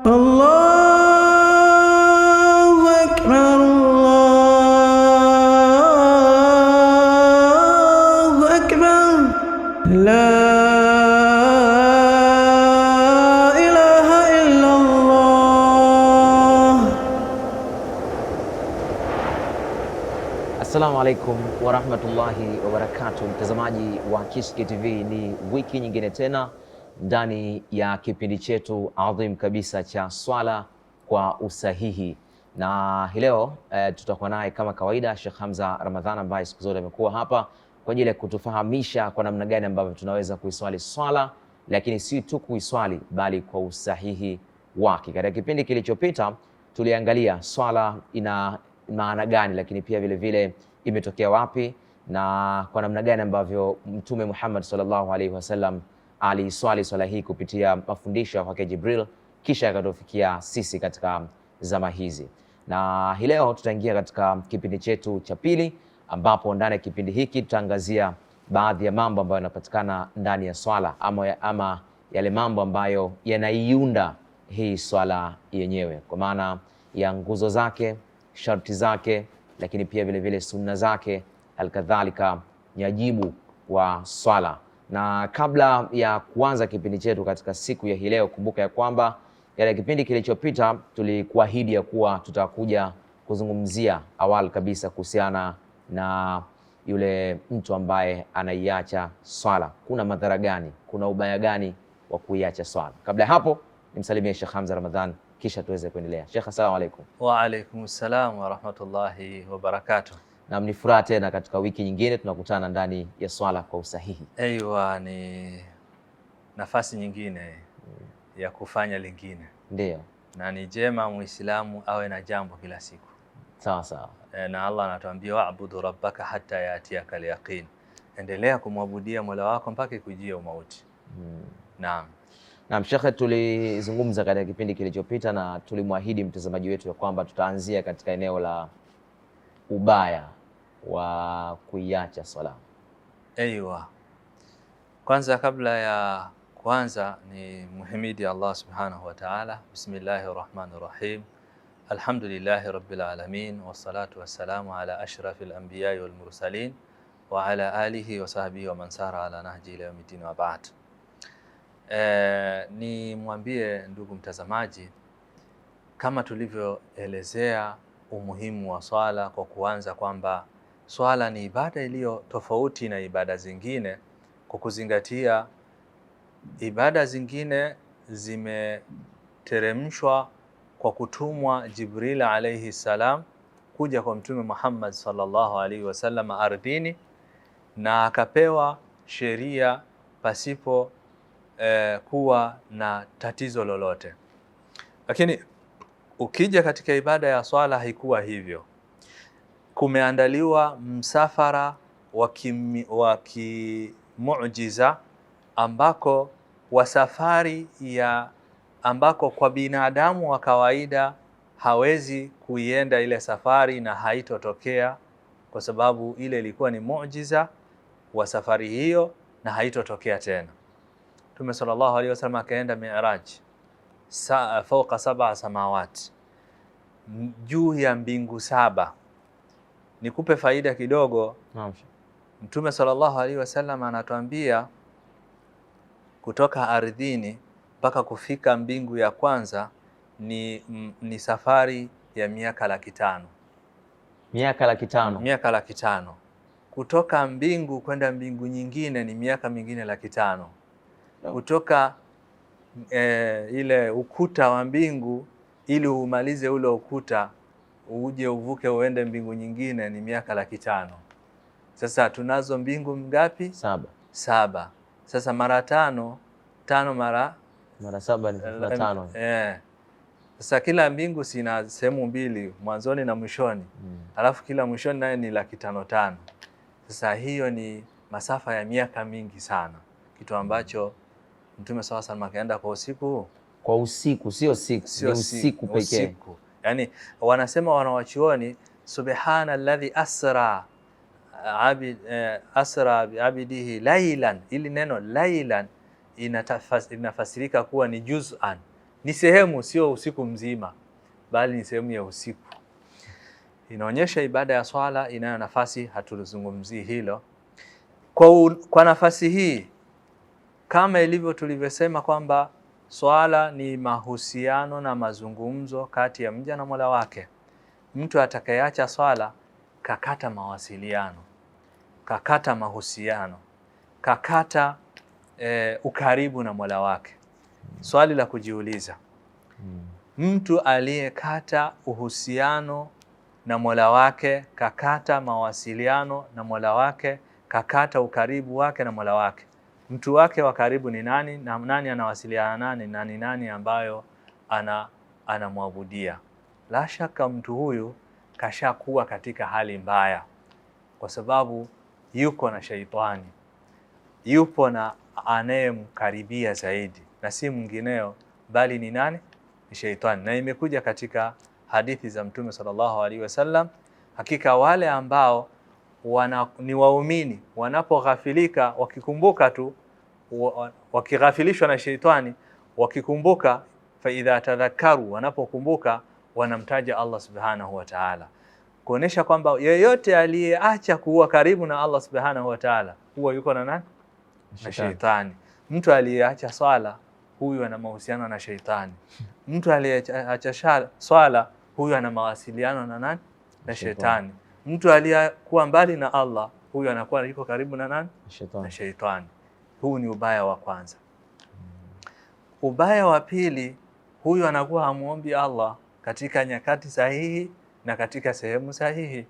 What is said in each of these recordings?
Allahu Assalamu alaikum warahmatullahi wabarakatuh, mtazamaji wa Kishki TV, ni wiki nyingine tena ndani ya kipindi chetu adhim kabisa cha swala kwa usahihi, na hii leo e, tutakuwa naye kama kawaida Sheikh Hamza Ramadhan ambaye siku zote amekuwa hapa kwa ajili ya kutufahamisha kwa namna gani ambavyo tunaweza kuiswali swala, lakini si tu kuiswali bali kwa usahihi wake. Katika kipindi kilichopita tuliangalia swala ina maana gani, lakini pia vile vile imetokea wapi na kwa namna gani ambavyo Mtume Muhammad sallallahu alaihi wasallam aliiswali swala hii kupitia mafundisho ya kwake Jibril kisha yakatufikia sisi katika zama hizi, na hii leo tutaingia katika kipindi chetu cha pili, ambapo ndani ya kipindi hiki tutaangazia baadhi ya mambo ambayo yanapatikana ndani ya swala ama, ya, ama yale mambo ambayo yanaiunda hii swala yenyewe kwa maana ya nguzo zake, sharti zake, lakini pia vilevile sunna zake, alkadhalika nyajibu wa swala na kabla ya kuanza kipindi chetu katika siku ya hii leo, kumbuka ya kwamba katika kipindi kilichopita tulikuahidi ya kuwa tutakuja kuzungumzia awali kabisa kuhusiana na yule mtu ambaye anaiacha swala. Kuna madhara gani? Kuna ubaya gani wa kuiacha swala? Kabla ya hapo, nimsalimie Sheikh Hamza Ramadhan kisha tuweze kuendelea. Sheikh, assalamu alaikum. Wa alaikum salam wa rahmatullahi wa barakatuh na mnifuraha tena katika wiki nyingine, tunakutana ndani ya Swala kwa Usahihi. Aiwa, ni nafasi nyingine ya kufanya lingine, ndio na ni jema Muislamu awe na jambo kila siku sawa sawa. E, na Allah anatuambia wabudu rabbaka hata yatiaka alyaqin, endelea kumwabudia mola wako mpaka ikujia umauti. Hmm. Naam. Naam, Shekhe, tulizungumza katika kipindi kilichopita na tulimwahidi mtazamaji wetu ya kwamba tutaanzia katika eneo la ubaya wa kuiacha sala Aiwa, kwanza kabla ya kwanza ni muhimidi Allah subhanahu wa ta'ala. bismillahi rahmanir rahim alhamdulillahi rabbil alamin wassalatu wassalamu ala ashrafil anbiya'i wal mursalin wa ala alihi wa sahbihi wa man sara ala nahji ila yawmiddin wa ba'd. E, ni mwambie ndugu mtazamaji kama tulivyoelezea umuhimu wa swala kwa kuanza kwamba Swala ni ibada iliyo tofauti na ibada zingine, kwa kuzingatia ibada zingine zimeteremshwa kwa kutumwa Jibril alayhi salam kuja kwa Mtume Muhammad sallallahu alaihi wasallam ardhini, na akapewa sheria pasipo eh, kuwa na tatizo lolote. Lakini ukija katika ibada ya swala haikuwa hivyo kumeandaliwa msafara wa kimuujiza ambako wa safari ya ambako kwa binadamu wa kawaida hawezi kuienda ile safari na haitotokea, kwa sababu ile ilikuwa ni muujiza wa safari hiyo na haitotokea tena. Mtume sallallahu alaihi wasallam akaenda Mi'raj fauka sab'a samawati, juu ya mbingu saba nikupe faida kidogo. Naam. Mtume sallallahu alaihi wasallam anatuambia kutoka ardhini mpaka kufika mbingu ya kwanza ni, m, mm, ni safari ya miaka laki tano miaka laki tano miaka laki tano kutoka mbingu kwenda mbingu nyingine ni miaka mingine laki tano kutoka e, ile ukuta wa mbingu ili umalize ule ukuta uje uvuke uende mbingu nyingine ni miaka laki tano. Sasa tunazo mbingu ngapi? Saba. Saba. Sasa mara tano tano mara mara saba ni tano. Eh. Sasa kila mbingu sina sehemu mbili, mwanzoni na mwishoni mm. Alafu kila mwishoni naye ni laki tano tano. Sasa hiyo ni masafa ya miaka mingi sana, kitu ambacho Mtume swalla Allahu alayhi akaenda kwa usiku, kwa usiku sio siku, sio usiku pekee. Yani wanasema wanawachuoni, subhana alladhi asra abid, eh, asra biabdihi lailan. Ili neno lailan inafasirika kuwa ni juz'an, ni sehemu, sio usiku mzima, bali ni sehemu ya usiku. Inaonyesha ibada ya swala inayo nafasi, hatulizungumzii hilo kwa, u, kwa nafasi hii kama ilivyo tulivyosema kwamba Swala ni mahusiano na mazungumzo kati ya mja na Mola wake. Mtu atakayeacha swala kakata mawasiliano, kakata mahusiano, kakata e, ukaribu na Mola wake. Swali la kujiuliza, hmm. mtu aliyekata uhusiano na Mola wake, kakata mawasiliano na Mola wake, kakata ukaribu wake na Mola wake mtu wake wa karibu ni nani na nani anawasiliana nani na ni nani ambayo ana anamwabudia. La shaka mtu huyu kashakuwa katika hali mbaya, kwa sababu yuko na shaitani, yupo na anayemkaribia zaidi, na si mwingineo bali ni nani? Ni shaitani. Na imekuja katika hadithi za Mtume sallallahu alaihi wasallam, hakika wale ambao wana, ni waumini wanapoghafilika wakikumbuka tu wakighafilishwa na sheitani wakikumbuka faidha tadhakaru, wanapokumbuka wanamtaja Allah subhanahu wa ta'ala, kuonesha kwamba yeyote aliyeacha kuwa karibu na Allah subhanahu wa ta'ala huwa yuko na nani? Na sheitani. Mtu aliyeacha swala huyu ana mahusiano na sheitani Mtu aliyeacha swala huyu ana mawasiliano na nani? Na sheitani. Mtu aliyekuwa mbali na Allah huyu anakuwa yuko karibu na nani? Na shetani. Huu ni ubaya wa kwanza. Ubaya wa pili, huyu anakuwa hamuombi Allah katika nyakati sahihi na katika sehemu sahihi,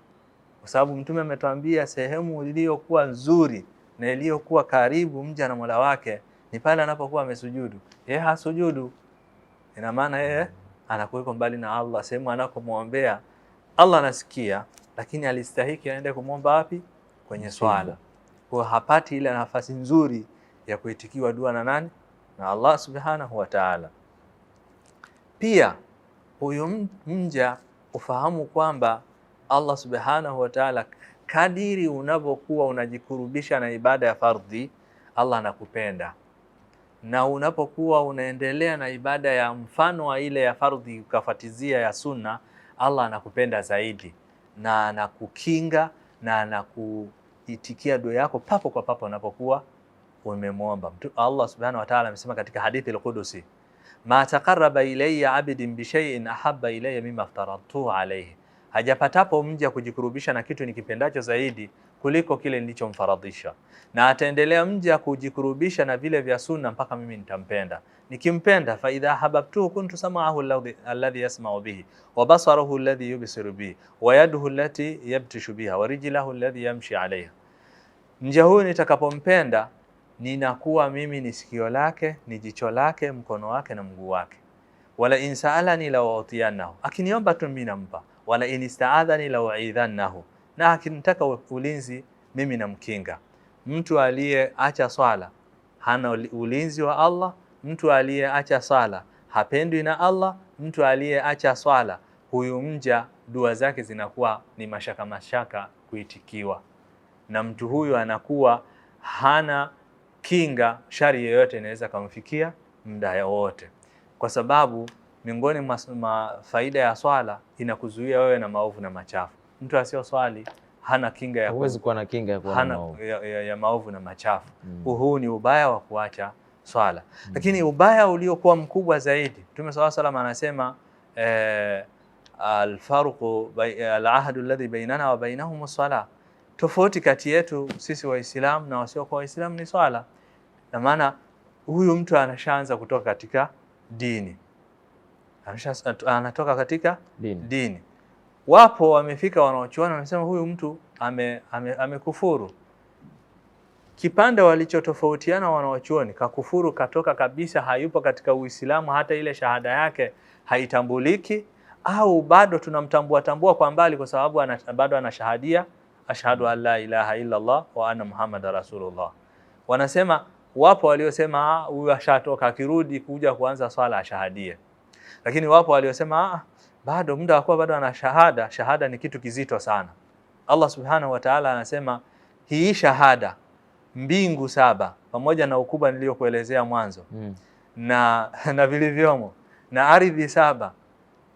kwa sababu Mtume ametuambia sehemu iliyokuwa nzuri na iliyokuwa karibu mja na Mola wake ni pale anapokuwa amesujudu. Yeye hasujudu, ina maana yeye anakuwa mbali na Allah. Sehemu anakomwombea Allah anasikia, lakini alistahiki aende kumwomba wapi? Kwenye swala. Kwa hapati ile nafasi nzuri ya kuitikiwa dua na nani? Na Allah subhanahu wa ta'ala. Pia huyu mja ufahamu kwamba Allah subhanahu wa ta'ala, kadiri unavyokuwa unajikurubisha na ibada ya fardhi, Allah anakupenda na unapokuwa unaendelea na ibada ya mfano wa ile ya fardhi ukafatizia ya sunna, Allah anakupenda zaidi na anakukinga na anakuitikia dua yako papo kwa papo unapokuwa umemwomba. Allah subhanahu wa ta'ala amesema katika hadithi al-Qudusi, ma taqarraba ilayya abdin bi shay'in ahabba ilayya mimma aftaradtuhu alayhi, hajapatapo mja kujikurubisha na kitu nikipendacho zaidi kuliko kile nilichomfaradhisha, na ataendelea mja kujikurubisha na vile vya sunna mpaka mimi nitampenda. Nikimpenda, fa idha hababtuhu kuntu samaahu alladhi yasma'u bihi wa basaruhu alladhi yubsiru bihi wa yaduhu allati yabtishu biha wa rijlahu alladhi yamshi alayha. Mja huyu nitakapompenda ninakuwa mimi ni sikio lake, ni jicho lake, mkono wake na mguu wake. Wala insaalani la akiniomba tu mimi nampa. Wala inistaadhani la na akinitaka ulinzi mimi namkinga. Mtu aliyeacha swala hana ulinzi wa Allah. Mtu aliyeacha swala hapendwi na Allah. Mtu aliyeacha swala huyu mja dua zake zinakuwa ni mashaka mashaka kuitikiwa, na mtu huyu anakuwa hana kinga, shari yoyote inaweza kumfikia muda wote, kwa sababu miongoni mwa faida ya swala inakuzuia wewe na maovu na machafu. Mtu asioswali hana kinga ya huwezi kuwa na kinga ya kuwa maovu. Ya, ya, ya maovu na machafu mm. Huu ni ubaya wa kuacha swala mm. Lakini ubaya uliokuwa mkubwa zaidi, Mtume swalla salam anasema eh, alfarqu alahdu alladhi bainana wa bainahum as Tofauti kati yetu sisi Waislamu na wasiokuwa Waislamu ni swala, na maana huyu mtu anashaanza kutoka katika dini, anatoka katika dini, dini. Wapo wamefika wanaochuana wanasema huyu mtu amekufuru, ame, ame kipande walichotofautiana wanaochuoni, kakufuru, katoka kabisa, hayupo katika Uislamu, hata ile shahada yake haitambuliki, au bado tunamtambua tambua kwa mbali, kwa sababu ana, bado ana shahadia ashhadu an la ilaha illa Allah wa anna muhammada rasulullah. Wanasema wapo waliosema ah, huyu ashatoka, akirudi kuja kuanza swala ashahadie lakini wapo waliosema ah, bado muda wakuwa bado ana shahada. Shahada ni kitu kizito sana. Allah subhanahu wa ta'ala anasema hii shahada mbingu saba pamoja na ukubwa niliyokuelezea mwanzo mm. na na vilivyomo na ardhi saba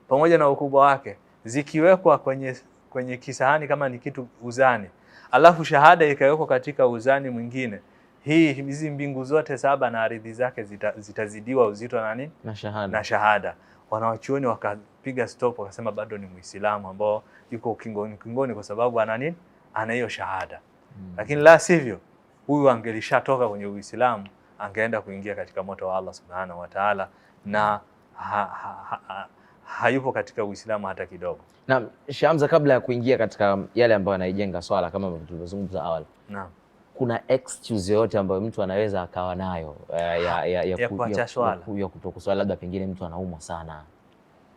pamoja na ukubwa wake zikiwekwa kwenye kwenye kisahani kama ni kitu uzani, alafu shahada ikawekwa katika uzani mwingine, hii hizi mbingu zote saba na ardhi zake zita, zitazidiwa uzito nani na shahada, na shahada. Wanawachuoni wakapiga stop wakasema bado ni Muislamu ambao yuko kingoni kingoni kwa sababu ana nini, ana hiyo shahada hmm. Lakini la sivyo huyu angelishatoka kwenye Uislamu angeenda kuingia katika moto wa Allah subhanahu wa taala na ha, ha, ha, hayupo katika Uislamu hata kidogo. Naam, Shamza, kabla ya kuingia katika yale ambayo anaijenga swala kama tulivyozungumza awali. Naam. Kuna excuse yoyote ambayo mtu anaweza akawa nayo eh, ya, ya, ya, ya kuacha swala, ya kutokuswala, labda pengine mtu anaumwa sana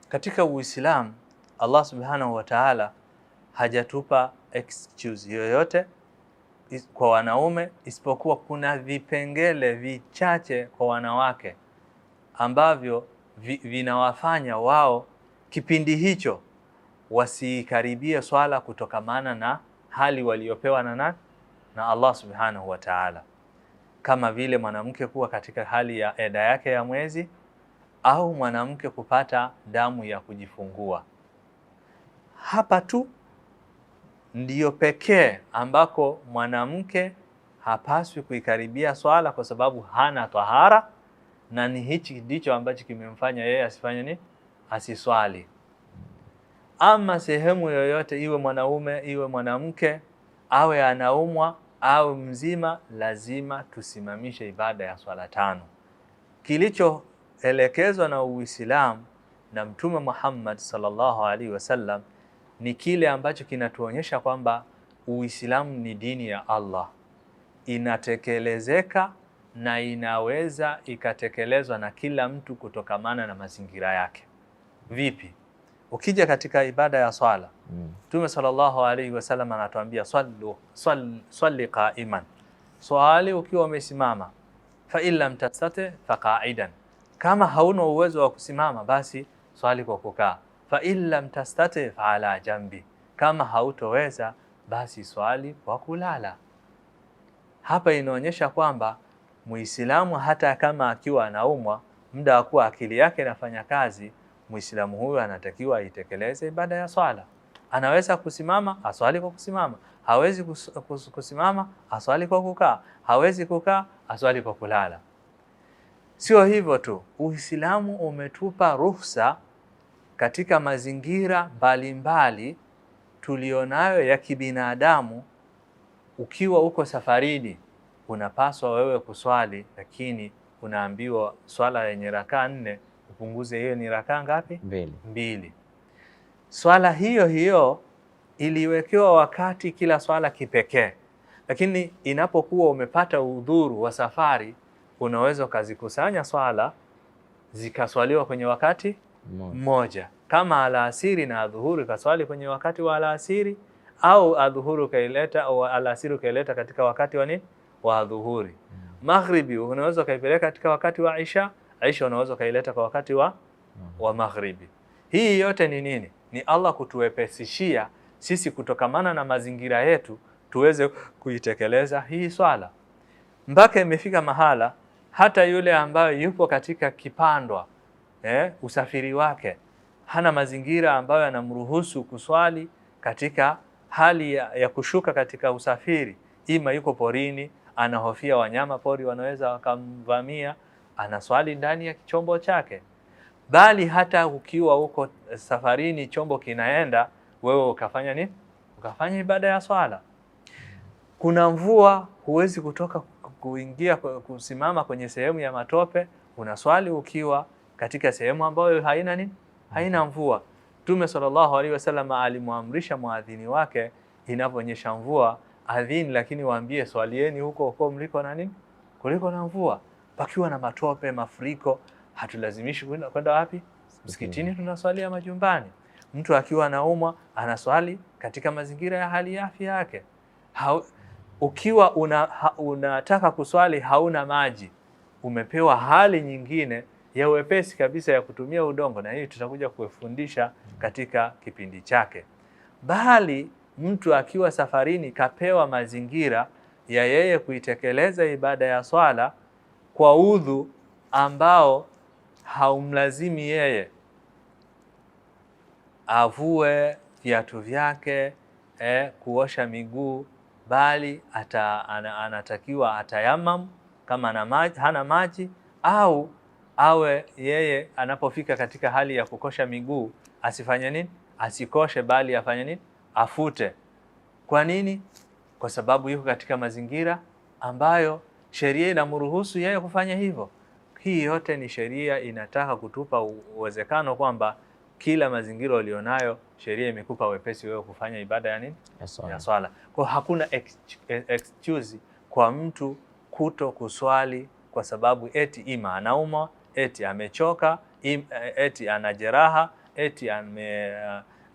katika Uislamu. Allah subhanahu wa taala hajatupa excuse yoyote kwa wanaume, isipokuwa kuna vipengele vichache kwa wanawake ambavyo vinawafanya wao kipindi hicho wasiikaribie swala kutokamana na hali waliopewa na nani? Na Allah subhanahu wa ta'ala, kama vile mwanamke kuwa katika hali ya eda yake ya mwezi au mwanamke kupata damu ya kujifungua. Hapa tu ndiyo pekee ambako mwanamke hapaswi kuikaribia swala kwa sababu hana tahara na ni hichi ndicho ambacho kimemfanya yeye asifanye ni asiswali. Ama sehemu yoyote iwe mwanaume iwe mwanamke, awe anaumwa awe mzima, lazima tusimamishe ibada ya swala tano. Kilichoelekezwa na Uislamu na Mtume Muhammad sallallahu alaihi wasallam ni kile ambacho kinatuonyesha kwamba Uislamu ni dini ya Allah, inatekelezeka na inaweza ikatekelezwa na kila mtu kutokamana na mazingira yake. Vipi? Ukija katika ibada ya swala mm. Mtume mm. sallallahu alaihi wasallam anatuambia sali swal, swal qaiman, swali ukiwa umesimama, fa in lam tastati fa qaidan, kama hauna uwezo wa kusimama basi swali kwa kukaa, fa in lam tastati fa ala jambi, kama hautoweza basi swali kwa kulala. Hapa inaonyesha kwamba Muislamu hata kama akiwa anaumwa, muda wa kuwa akili yake inafanya kazi, muislamu huyu anatakiwa aitekeleze ibada ya swala. Anaweza kusimama aswali kwa kusimama, hawezi kusimama aswali kwa kukaa, hawezi kukaa aswali kwa kulala. Sio hivyo tu, Uislamu umetupa ruhusa katika mazingira mbalimbali tulionayo ya kibinadamu. Ukiwa uko safarini unapaswa wewe kuswali, lakini unaambiwa swala yenye rakaa nne upunguze hiyo ni rakaa ngapi? Mbili. Mbili. Swala hiyo hiyo iliwekewa wakati kila swala kipekee, lakini inapokuwa umepata udhuru wa safari, unaweza ukazikusanya swala zikaswaliwa kwenye wakati mmoja, kama alasiri na adhuhuri ukaswali kwenye wakati wa alasiri, au adhuhuri ukaileta au alasiri ukaileta katika wakati wa nini wa dhuhuri. Maghribi unaweza ukaipeleka katika wakati wa Isha, aisha unaweza ukaileta kwa wakati wa, wa maghribi. Hii yote ni nini? Ni Allah kutuwepesishia sisi kutokamana na mazingira yetu tuweze kuitekeleza hii swala, mpaka imefika mahala hata yule ambayo yupo katika kipandwa eh, usafiri wake hana mazingira ambayo yanamruhusu kuswali katika hali ya, ya kushuka katika usafiri, ima yuko porini anahofia wanyama pori wanaweza wakamvamia, anaswali ndani ya chombo chake, bali hata ukiwa huko safarini, chombo kinaenda, wewe ukafanya nini? Ukafanya ibada ya swala. Kuna mvua, huwezi kutoka kuingia kusimama kwenye sehemu ya matope, unaswali ukiwa katika sehemu ambayo haina nini, haina mvua. Mtume sallallahu alaihi wasallam alimwamrisha muadhini wake inaponyesha mvua adhini, lakini waambie swalieni huko huko mliko na nini, kuliko na mvua. Pakiwa na matope, mafuriko, hatulazimishi kwenda wapi? Msikitini, tunaswalia majumbani. Mtu akiwa anaumwa anaswali katika mazingira ya hali ya afya yake. Ha, ukiwa una, ha, unataka kuswali hauna maji, umepewa hali nyingine ya wepesi kabisa ya kutumia udongo, na hii tutakuja kufundisha katika kipindi chake, bali mtu akiwa safarini kapewa mazingira ya yeye kuitekeleza ibada ya swala kwa udhu ambao haumlazimi yeye avue viatu vyake eh, kuosha miguu, bali ata, ana, anatakiwa atayamam kama ana maji, hana maji au awe yeye anapofika katika hali ya kukosha miguu asifanye nini? Asikoshe bali afanye nini? afute. Kwa nini? Kwa sababu yuko katika mazingira ambayo sheria inamruhusu yeye kufanya hivyo. Hii yote ni sheria inataka kutupa uwezekano kwamba kila mazingira ulionayo sheria imekupa wepesi wewe kufanya ibada ya nini? Ya swala. Kwa hakuna excuse kwa mtu kuto kuswali kwa sababu eti ima anauma, eti amechoka, eti ana jeraha, eti ame,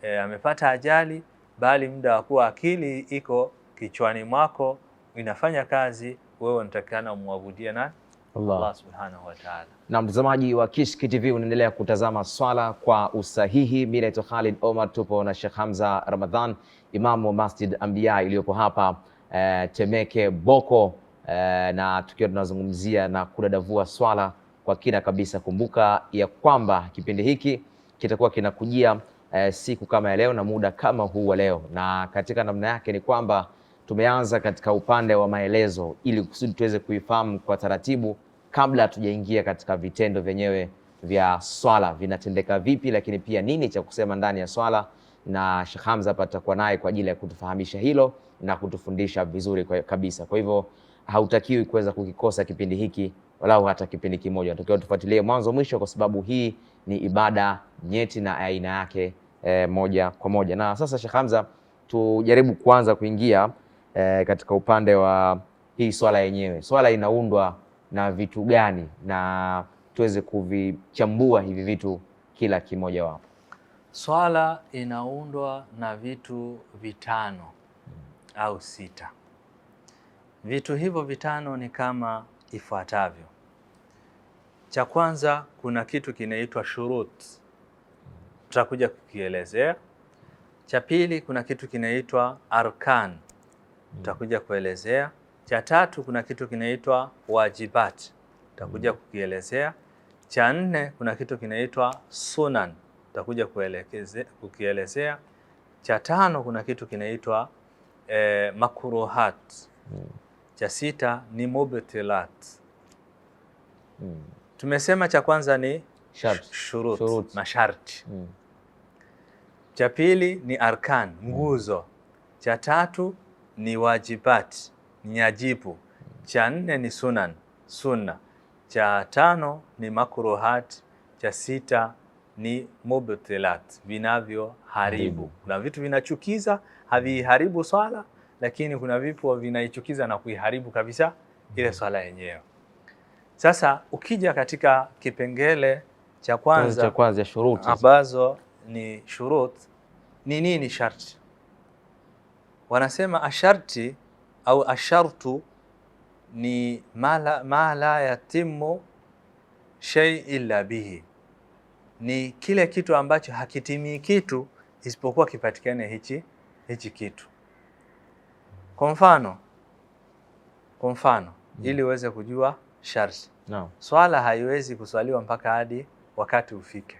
eh, amepata ajali bali muda wa kuwa akili iko kichwani mwako inafanya kazi, wewe unatakikana umwabudia na Allah, Allah subhanahu wa ta'ala. Na mtazamaji wa Kishki TV unaendelea kutazama swala kwa usahihi. Mimi naitwa Khalid Omar, tupo na Sheikh Hamza Ramadhan, imamu wa Masjid ambia iliyopo hapa eh, Temeke Boko eh, na tukiwa tunazungumzia na kudadavua swala kwa kina kabisa. Kumbuka ya kwamba kipindi hiki kitakuwa kinakujia eh, siku kama ya leo na muda kama huu wa leo, na katika namna yake ni kwamba tumeanza katika upande wa maelezo ili kusudi tuweze kuifahamu kwa taratibu kabla hatujaingia katika vitendo vyenyewe vya swala vinatendeka vipi, lakini pia nini cha kusema ndani ya swala, na Sheikh Hamza hapa tutakuwa naye kwa ajili ya kutufahamisha hilo na kutufundisha vizuri kwa kabisa. Kwa hivyo hautakiwi kuweza kukikosa kipindi hiki walau hata kipindi kimoja. natakiwa tufuatilie mwanzo mwisho, kwa sababu hii ni ibada nyeti na aina yake e, moja kwa moja. Na sasa Sheikh Hamza, tujaribu kwanza kuingia e, katika upande wa hii swala yenyewe. Swala inaundwa na vitu gani na tuweze kuvichambua hivi vitu kila kimoja wapo. Swala inaundwa na vitu vitano hmm, au sita. Vitu hivyo vitano ni kama ifuatavyo. Cha kwanza kuna kitu kinaitwa shurut tutakuja kukielezea. Cha pili kuna kitu kinaitwa arkan, tutakuja kuelezea. Cha tatu kuna kitu kinaitwa wajibat, tutakuja mm. kukielezea. Cha nne kuna kitu kinaitwa sunan, tutakuja kukielezea. Cha tano kuna kitu kinaitwa e, makruhat. Mm. Cha sita ni mubtilat. Mm. Tumesema cha kwanza ni shurut, shurut, masharti cha pili ni arkan, nguzo. Cha tatu ni wajibat, ni nyajibu. Cha nne ni sunan, sunna. Cha tano ni makruhat. Cha sita ni mubtilat, vinavyoharibu. Kuna vitu vinachukiza, haviharibu swala, lakini kuna vipo vinaichukiza na kuiharibu kabisa ile mm-hmm. swala yenyewe. Sasa ukija katika kipengele cha kwanza cha kwanza shuruti ambazo ni shurut, ni nini sharti? Wanasema asharti au ashartu ni ma la yatimu shay illa bihi, ni kile kitu ambacho hakitimii kitu isipokuwa kipatikane hichi hichi kitu. Kwa mfano kwa mfano hmm, ili uweze kujua sharti no. Swala haiwezi kuswaliwa mpaka hadi wakati ufike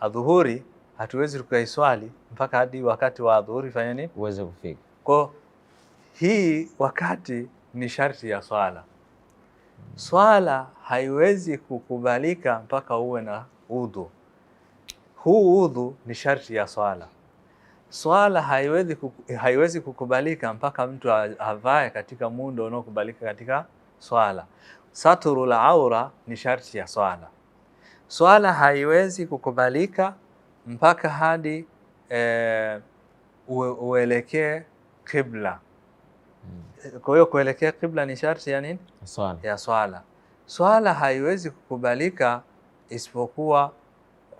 adhuhuri hatuwezi tukaiswali mpaka hadi wakati wa adhuhuri fanya nini uweze kufika. Kwa hii wakati ni sharti ya swala. Swala haiwezi kukubalika mpaka uwe na udhu. Huu udhu ni sharti ya swala. Swala haiwezi kuku, haiwezi kukubalika mpaka mtu avae katika muundo unaokubalika katika swala. Saturul aura ni sharti ya swala swala haiwezi kukubalika mpaka hadi e, uelekee kibla hmm. Kwa hiyo kuelekea qibla ni sharti ya nini? Swala. Ya swala. Swala haiwezi kukubalika isipokuwa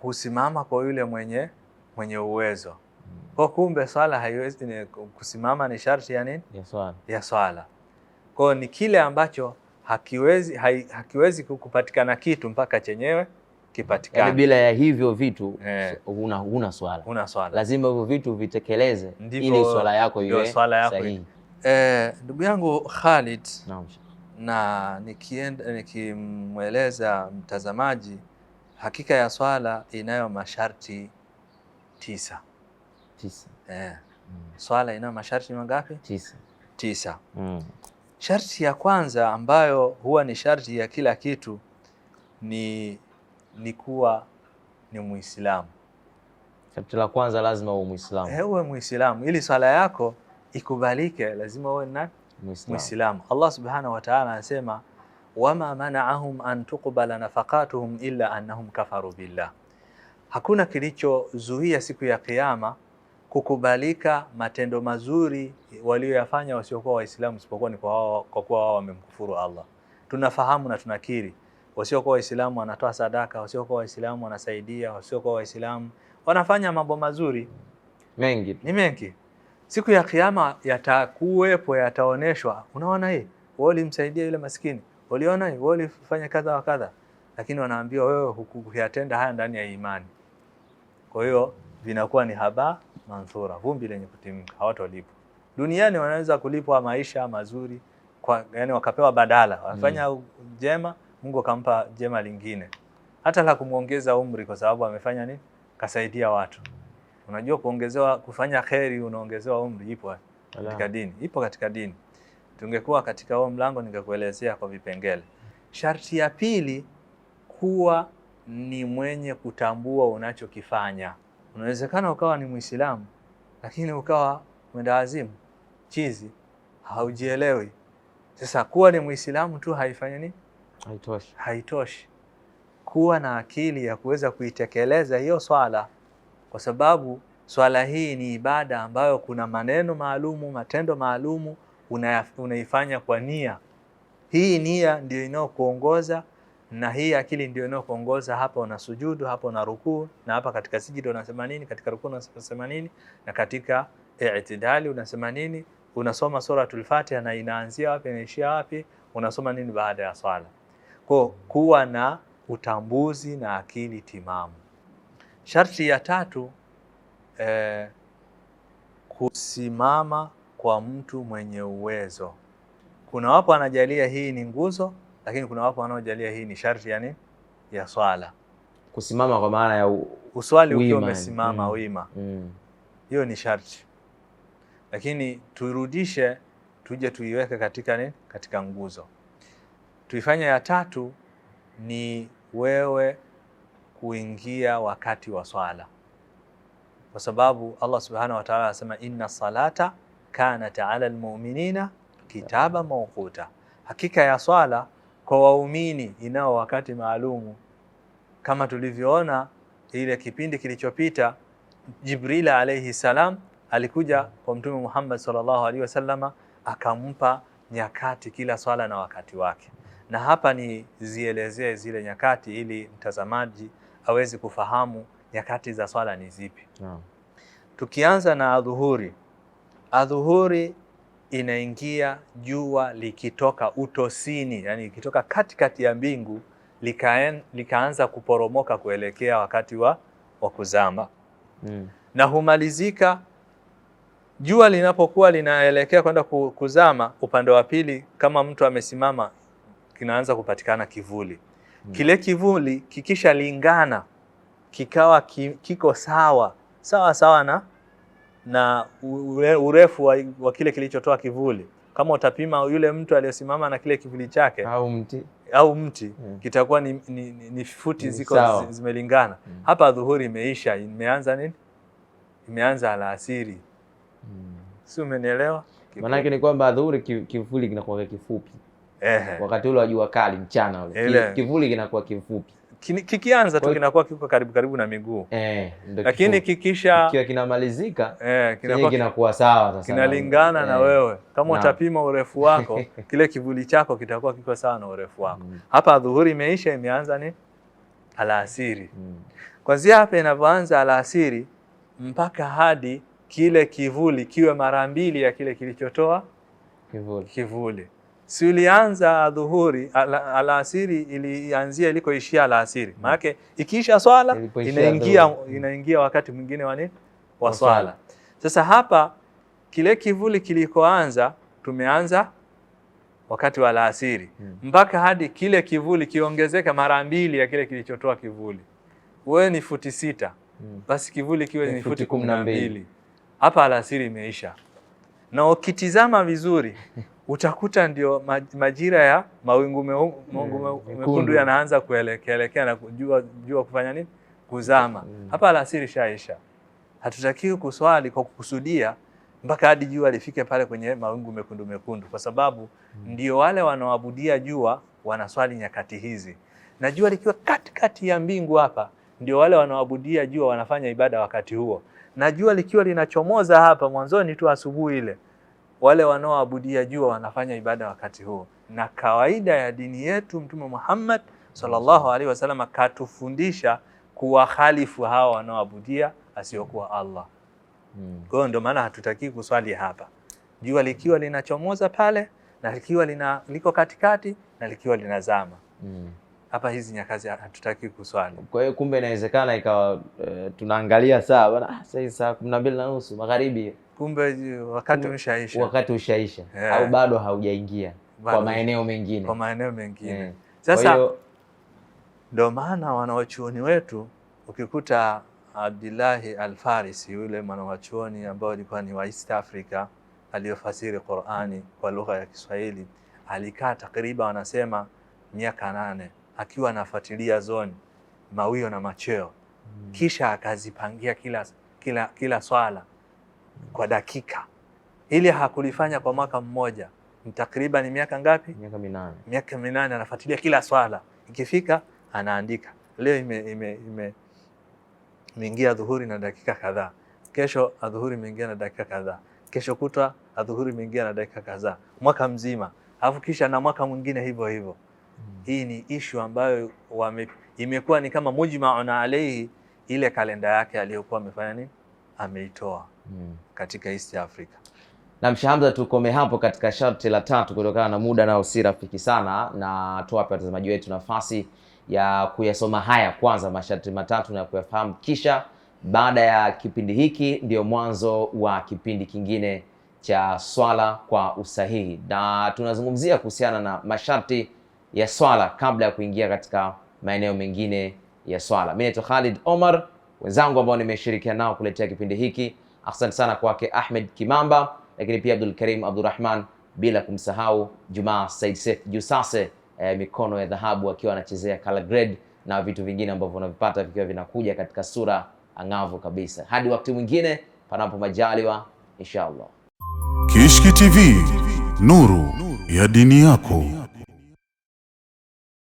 kusimama kwa yule mwenye mwenye uwezo. Hmm. Kwa kumbe swala haiwezi ni kusimama ni sharti ya nini? Ya swala. Ya swala. Kwa hiyo ni kile ambacho hakiwezi hai, hakiwezi kukupatikana kitu mpaka chenyewe kipatikane. Yani bila ya hivyo vitu eh, huna huna swala. Huna swala. Lazima hivyo vitu vitekeleze ili swala yako iwe swala yako sahihi. Eh, ndugu yangu Khalid. Naam. Na nikienda nikimweleza mtazamaji hakika ya swala inayo masharti tisa. Tisa. Eh. Mm. Swala inayo masharti mangapi? Tisa. Tisa. Mm. Sharti ya kwanza ambayo huwa ni sharti ya kila kitu ni ni kuwa ni Muislamu. Sharti la kwanza lazima uwe Muislamu, eh, uwe Muislamu ili swala yako ikubalike, lazima uwe na Muislamu. Allah subhanahu wa ta'ala anasema wama mana'ahum an tuqbala nafaqatuhum illa annahum kafaru billah, hakuna kilichozuia siku ya Kiyama kukubalika matendo mazuri walioyafanya wasiokuwa Waislamu isipokuwa ni kwa, kwa kuwa wao wamemkufuru Allah. Tunafahamu na tunakiri wasiokuwa Waislamu wanatoa sadaka, wasiokuwa Waislamu wanasaidia, wasiokuwa Waislamu wanafanya mambo mazuri mengi, ni mengi. Siku ya Kiyama yatakuwepo, yataoneshwa. Unaona, hii wewe ulimsaidia yule maskini, uliona hii wewe ulifanya kadha wa kadha, lakini wanaambiwa wewe hukuyatenda haya ndani ya imani. Kwa hiyo vinakuwa ni haba manthura, vumbi lenye kutimka, hawatolipwa duniani. Wanaweza kulipwa maisha mazuri kwa, yani wakapewa badala wafanya mm, jema Mungu akampa jema lingine, hata la kumwongeza umri, kwa sababu amefanya nini? Kasaidia watu. Unajua, kuongezewa kufanya kheri, unaongezewa umri, ipo eh? katika dini, ipo katika dini. Tungekuwa katika huo mlango, ningekuelezea kwa vipengele. Sharti ya pili, kuwa ni mwenye kutambua unachokifanya. Unawezekana ukawa ni Muislamu lakini ukawa mwenda wazimu, chizi, haujielewi. Sasa kuwa ni Muislamu tu haifanyi nini haitoshi, haitoshi kuwa na akili ya kuweza kuitekeleza hiyo swala, kwa sababu swala hii ni ibada ambayo kuna maneno maalumu, matendo maalumu unaifanya kwa nia. Hii nia ndio inayokuongoza na hii akili ndio inayokuongoza. Hapa una sujudu, hapa una rukuu, na hapa katika sijida unasema nini, katika rukuu unasema nini, na katika itidali unasema nini. Unasoma suratul Fatiha na inaanzia wapi inaishia wapi, unasoma nini baada ya swala. Kwa kuwa na utambuzi na akili timamu. Sharti ya tatu eh, kusimama kwa mtu mwenye uwezo. Kuna wapo wanajalia hii ni nguzo, lakini kuna wapo wanaojalia hii ni sharti yani ya swala. Kusimama kwa maana ya u... uswali ukiwa umesimama mm, wima mm. hiyo mm, ni sharti, lakini tuirudishe tuje tuiweke katika ni katika nguzo. Tuifanye ya tatu ni wewe kuingia wakati wa swala, kwa sababu Allah subhanahu wa ta'ala anasema inna salata kanat ala almu'minina kitaba mawquta, hakika ya swala kwa waumini inao wakati maalumu. Kama tulivyoona ile kipindi kilichopita, Jibril alayhi salam alikuja kwa Mtume Muhammad sallallahu alaihi wasallama akampa nyakati, kila swala na wakati wake na hapa ni zielezee zile nyakati ili mtazamaji aweze kufahamu nyakati za swala ni zipi. No. Tukianza na adhuhuri, adhuhuri inaingia jua likitoka utosini, yani ikitoka katikati ya mbingu likaen, likaanza kuporomoka kuelekea wakati wa, wa kuzama mm. na humalizika jua linapokuwa linaelekea kwenda kuzama upande wa pili, kama mtu amesimama kinaanza kupatikana kivuli mm. Kile kivuli kikishalingana kikawa kiko sawa sawa sawa na na urefu wa, wa kile kilichotoa kivuli. Kama utapima yule mtu aliyosimama na kile kivuli chake au mti, au mti mm. kitakuwa ni, ni, ni, ni futi mm, ziko sawa. Zimelingana mm. Hapa dhuhuri imeisha, imeanza nini? Imeanza alasiri mm. si umenielewa? Maanake ni kwamba dhuhuri kivuli kinakuwa kifupi Ehe. Wakati ule wa jua kali mchana ule. Kivuli kinakuwa kifupi. Kikianza tu kinakuwa kiko karibu karibu na miguu. Eh, ndio. Lakini kikisha kikiwa kinamalizika, eh, kinakuwa kinakuwa sawa sasa. Kinalingana na eh. wewe. Kama utapima urefu wako, kile kivuli chako kitakuwa kiko sawa na urefu wako. Mm. Hapa dhuhuri imeisha, imeanza ni alasiri. Mm. Kwanzia hapa inapoanza alasiri mpaka hadi kile kivuli kiwe mara mbili ya kile kilichotoa kivuli. Kivuli si ulianza dhuhuri alasiri al ilianzia ilikoishia alasiri. Maanake ikiisha swala inaingia, inaingia wakati mwingine wa nini wa swala. Sasa hapa kile kivuli kilikoanza tumeanza wakati wa alasiri hmm. mpaka hadi kile kivuli kiongezeka mara mbili ya kile kilichotoa kivuli. Wewe ni futi sita, hmm, basi kivuli kiwe ni futi kumi na mbili. Hapa alasiri imeisha na ukitizama vizuri utakuta ndio majira ya mawingu mm, mekundu yanaanza kuelekeaelekea na jua, jua kufanya nini? Kuzama. Mm. Hapa alasiri shaisha, hatutakiwi kuswali kwa kukusudia mpaka hadi jua lifike pale kwenye mawingu mekundu mekundu, kwa sababu mm. ndio wale wanaoabudia jua wanaswali nyakati hizi, na jua likiwa katikati ya mbingu hapa, ndio wale wanaoabudia jua wanafanya ibada wakati huo na jua likiwa linachomoza hapa mwanzoni tu asubuhi ile, wale wanaoabudia jua wanafanya ibada wakati huo. Na kawaida ya dini yetu Mtume Muhammad sallallahu alaihi wasallam katufundisha kuwahalifu hawa wanaoabudia asiyokuwa Allah. Hmm. Kwa hiyo ndio maana hatutakii kuswali hapa, jua likiwa linachomoza pale na likiwa lina, liko katikati na likiwa linazama. Hmm hapa hizi nyakati hatutaki kuswali. Kwa hiyo kumbe inawezekana ikawa e, tunaangalia saa bwana, ah, sasa saa kumi na mbili na nusu magharibi, kumbe wakati umeshaisha, wakati ushaisha yeah. au bado haujaingia kwa maeneo mengine, kwa maeneo mengine yeah. Sasa ndio maana wanawachuoni wetu ukikuta Abdillahi Alfarisi yule mwanawachuoni ambao alikuwa ni wa East Africa aliyofasiri Qur'ani kwa lugha ya Kiswahili alikaa takriban, wanasema miaka nane akiwa anafuatilia zoni mawio na macheo mm. Kisha akazipangia kila, kila, kila swala kwa dakika. Ili hakulifanya kwa mwaka mmoja, ni takriban miaka ngapi? Miaka minane. Miaka minane anafuatilia kila swala, ikifika anaandika. Leo imeingia ime, ime, dhuhuri na dakika kadhaa, kesho adhuhuri imeingia na dakika kadhaa, kesho kutwa adhuhuri imeingia na dakika kadhaa, mwaka mzima, alafu kisha na mwaka mwingine hivyo hivyo. Hii ni ishu ambayo wame, imekuwa ni kama mujmaun alaihi ile kalenda yake aliyokuwa amefanya nini ameitoa mm. katika East Africa. Na mshahamza, tukome hapo katika sharti la tatu kutokana na muda nao si rafiki sana, na tuwape watazamaji wetu nafasi ya kuyasoma haya kwanza masharti matatu na kuyafahamu, kisha baada ya kipindi hiki ndio mwanzo wa kipindi kingine cha swala kwa usahihi, na tunazungumzia kuhusiana na masharti ya swala kabla ya kuingia katika maeneo mengine ya swala. Mimi naitwa Khalid Omar, wenzangu ambao nimeshirikiana nao kuletea kipindi hiki, asante sana kwake Ahmed Kimamba, lakini pia Abdul Karim Abdurrahman, bila kumsahau Jumaa Said Seif Jusase, eh, mikono ya dhahabu akiwa anachezea color grade na vitu vingine ambavyo unavipata vikiwa vinakuja katika sura ang'avu kabisa. Hadi wakati mwingine, panapo majaliwa inshallah. Kishki TV, nuru ya dini yako.